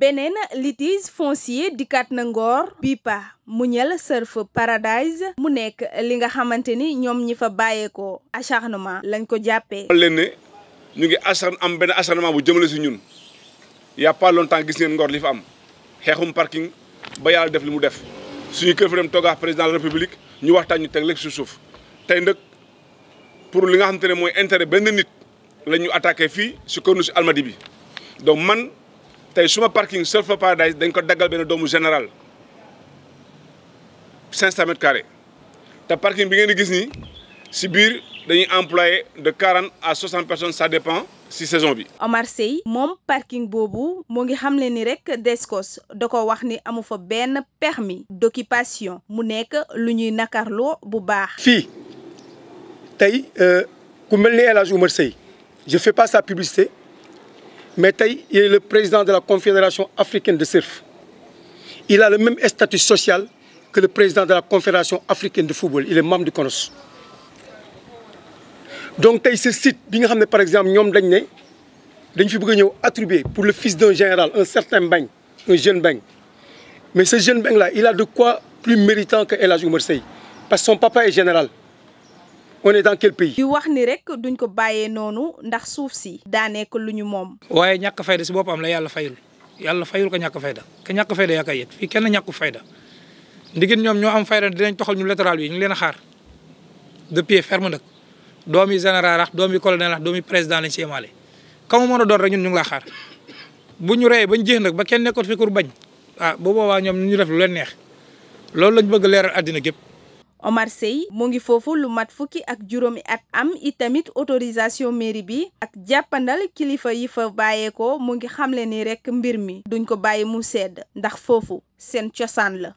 beneen litige foncier dikkaat na Ngor bi pa mu ñel Surf Paradise mu nekk li nga xamante ni ñoom ñi fa bàyyeekoo acharnement lañ ko jàppee. leen ne ñu ngi acharn am benn acharnement bu jëmale si ñun y' a pas gis neen Ngor li fa am xeexum parking ba yàlla def li mu def suñu kër fa dem toog président de la république ñu waxtaan ñu teg lépp si suuf tey nag pour li nga xamante ne mooy intérêt benn nit la ñu attaqué fii si corniche Almadies bi tey suma parking Surfer Paradise dañ ko daggal benn doomu général 500 mètres carrés te parking bi ngeen gis ni si biir dañuy employé de quarante à 60 personnes ça dépend si saison bi. Omar Sey moom parking boobu moo ngi xam ne ni rek Descos da ko wax ni amu fa benn permis d'occupation mu nekk lu ñuy nakarloo bu baax. fii tey euh, ku mel ni El Hadj Omar Sey je fais pas sa publicité. mais tey il est le président de la confédération africaine de surf il a le même statut social que le président de la confédération africaine de football il est membre du CONOS donc tey ce site bi nga xam ne par exemple ñoom dañ ne dañ fi bëgg ñëw attribuer pour le fils d'un général un certain Mbagne un jeune Mbagne mais ce jeune Mbagne là il a de quoi plus méritant que El Hadj Oumar Seye parce que son papa est général on est dans quel pays. yu wax ni rek duñ ko bàyyee noonu ndax suuf si. daa nekk lu ñu moom. waaye ñàkk fayda si bopp am la yàlla fayul yàlla fayul ko ñàkk fayda ka ñàkk fayda yaa koy yet fii kenn ñàkku fayda ndigit ñoom ñoo am fayda dinañ toxal ñu latéral bi ñu leen a xaar de pied ferme nag doomi général ax doomi colonel ax doomi président lañ si yemaale kamu mën a doon rek ñun ñu ngi laa xaar bu ñu reyee bañ jeex nag ba kenn nekkoon fi kur bañ ah bu boobaa ñoom ñu def lu leen neex loolu lañ bëgg leeral àddina gépp Omar Sey mu ngi foofu lu mat fukki ak juróomi ak am itamit autorisation mairie bi ak jàppandal kilifa yi fa bàyyeekoo mu ngi xamle ni rekk mbir mi duñ ko bàyyi mu sedd ndax foofu seen cosaan la